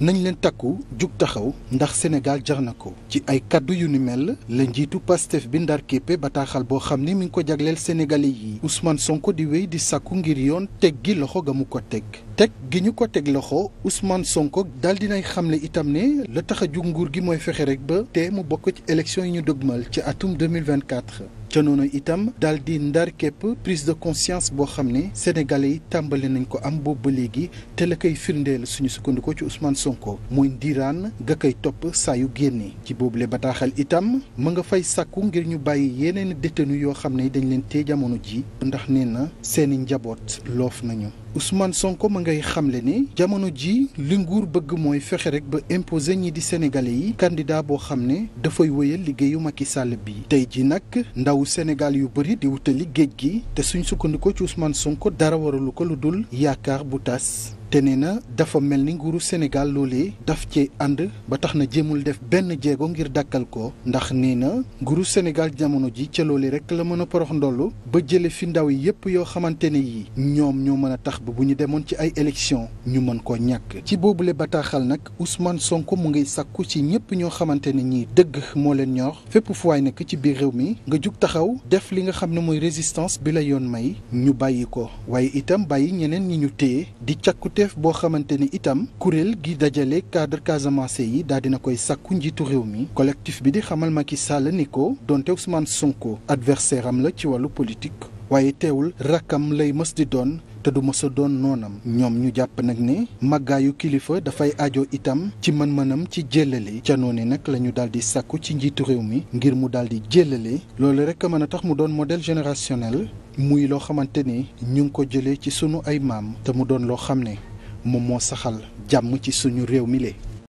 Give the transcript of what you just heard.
nañ leen takku jug taxaw ndax Sénégal jar na ko ci ay kàddu yu ni mel la njiitu Pastef bi ndar képpe bataaxal boo xam ni mi ngi ko jagleel sénégalais yi Ousmane Sonko di wéy di sàkku ngir yoon teg gi loxo ga mu ko teg teg gi ñu ko teg loxo Ousmane Sonko daal dinay xamle itam ne la tax a jug nguur gi mooy fexe rek ba te mu bokk ci élection yi ñu dëgmal ci atum 2024 ca noonu itam daal di ndar képp prise de conscience boo xam ne sénégalais yi tàmbali nañ ko am boobu ba léegi te la koy firndeel suñu sukkandikoo ci Ousmane Sonko mooy ndiiraan ga koy topp saa yu génne ci boobule bataaxal itam ma nga fay sàkku ngir ñu bàyyi yeneen détenu yoo xam ne dañ leen tee jamono ji ndax nee na seeni njaboot loof nañu Ousmane Sonko ma ngay xamle ne jamono ji li nguur bëgg mooy fexe rek ba imposer ñi di sénégalais yi kandidaa boo xam ne dafay wëyal liggéeyu Macky Sall bi tey ji nag ndaw ndawu Sénégal yu bëri di wutali géej gi te suñ sukkandiku ci Ousmane Sonko dara waralu ko lu dul yaakaar bu tas te nee na dafa mel ni nguuru Sénégal loole dafa ci ànd ba tax na jéemul def benn jéego ngir dàkkal ko ndax nee na nguuru Sénégal jamono ji ca loolee rek la mën a porox ndollu ba jële fi ndaw yi yépp yoo xamante ne yi ñoom ñoo mën a tax ba bu ñu demoon ci ay élections ñu mën ko ñàkk. ci boobule bataaxal nag Ousmane sonk mu ngi sàkku ci ñépp ñoo xamante ne ñii dëgg moo leen ñor fépp fu waay nekk ci biir réew mi nga jug taxaw def li nga xam ne mooy résistance bi la yoon may ñu bàyyi ko waaye itam bàyyi ñeneen ñi ñu téye di càkkute kilifteef boo xamante ni itam kuréel gi dajale cadre Casamance yi daal dina koy sàkku njiitu réew mi collectif bi di xamal Macky Sall ni ko donte Ousmane Sonko adversaire am la ci wàllu politique waaye teewul rakkam lay mës di doon te du mësa doon noonam ñoom ñu jàpp nag ne màggaayu kilifa dafay ajo itam ci man manam ci jëlale ca noonu nag la ñu daal di sàkku ci njiitu réew mi ngir mu daal di jëlale loolu rek a mën a tax mu doon modèle générationnel muy loo xamante ni ñu ngi ko jëlee ci sunu ay maam te mu doon loo xam ne moom moo saxal jàmm ci suñu réew mi le